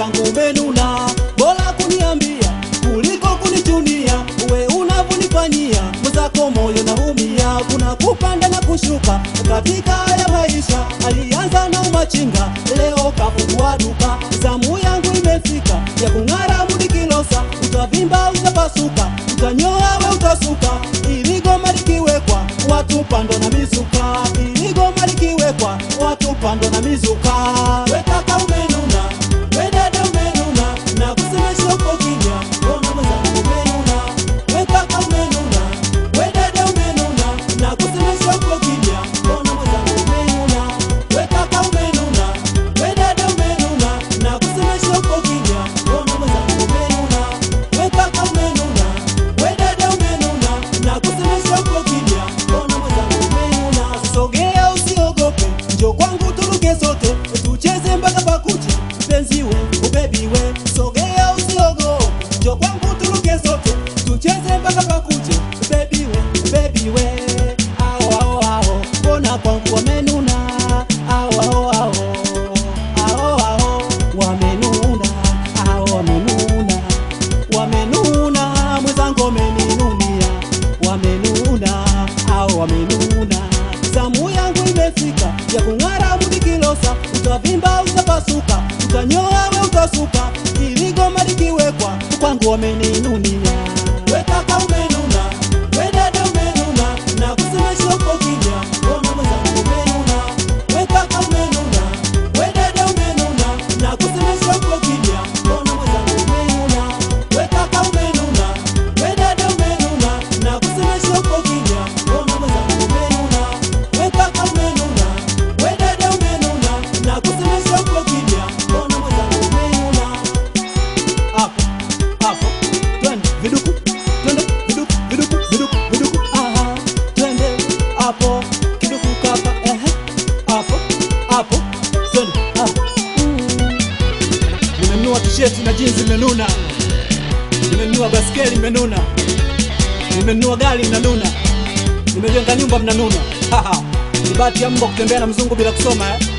zangu umenuna, bora kuniambia kuliko kunitunia. Uwe unavyonifanyia mwenzako, moyo naumia, kuna kupanda na kushuka katika ya maisha. Alianza na umachinga, leo kafungua duka. Zamu yangu imefika ya kung'ara, mudi Kilosa. Utavimba, utapasuka, utanyoa, we utasuka. Ili goma watu pando na mizuka, ili goma watu pando na mizuka tucheze mpaka pakuche, baby we, baby we, ao ao ao, imefika ya kung'ara mudi utavimba utapasuka, utanyoa we utasuka menino, menino sketi na jinzi imenuna, nimenunua baskeli imenuna, nimenunua gari inanuna, nimejenga nyumba mnanuna. Haha, ni bahati ya mbwa kutembea na mzungu bila kusoma eh?